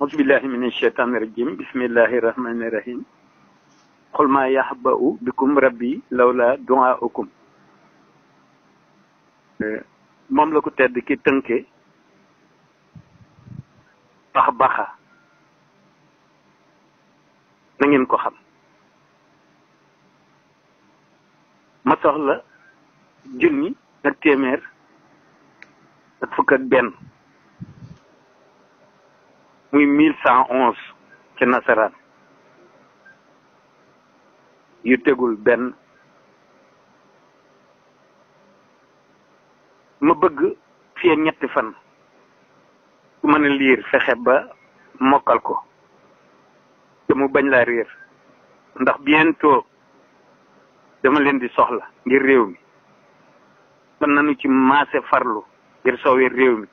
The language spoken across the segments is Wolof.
أعوذ بالله من الشيطان الرجيم بسم الله الرحمن الرحيم قل ما يحبأ بكم ربي لولا دعاؤكم مملكة تدكي تنكي بخ بخا نين كو خم ما صخلا جيني نك تيمير بن muy mille cent onze ci nasaraan yu tegul benn ma bëgg fii ñetti fan ku mën a liir fexe ba mokkal ko te mu bañ laa réer ndax bientôt dama leen di soxla ngir réew mi mën nañu ci maase farlu ngir soowee réew mi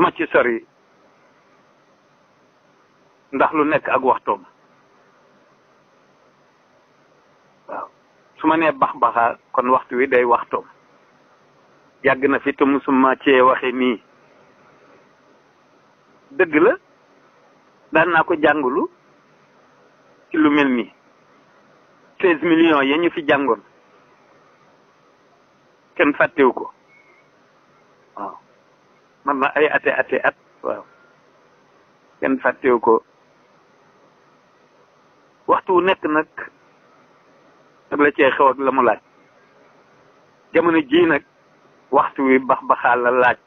duma ci sori ndax lu nekk ak waxtoom waaw su ma nee bax baxa kon waxtu wi day waxtoom yàgg na fi te musuma cee waxe nii dëgg la daan naa ko jàngulu ci lu mel nii millions ya fi jàngoon kenn fàttewu ko ay ate ate at waaw kenn fàttewu ko waxtu wu nekk nag ak la cee xew la mu laaj jamono jii nag waxtu wi bax baxaal la laaj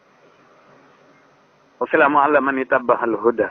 wa salaamu ala man itabbaxal huda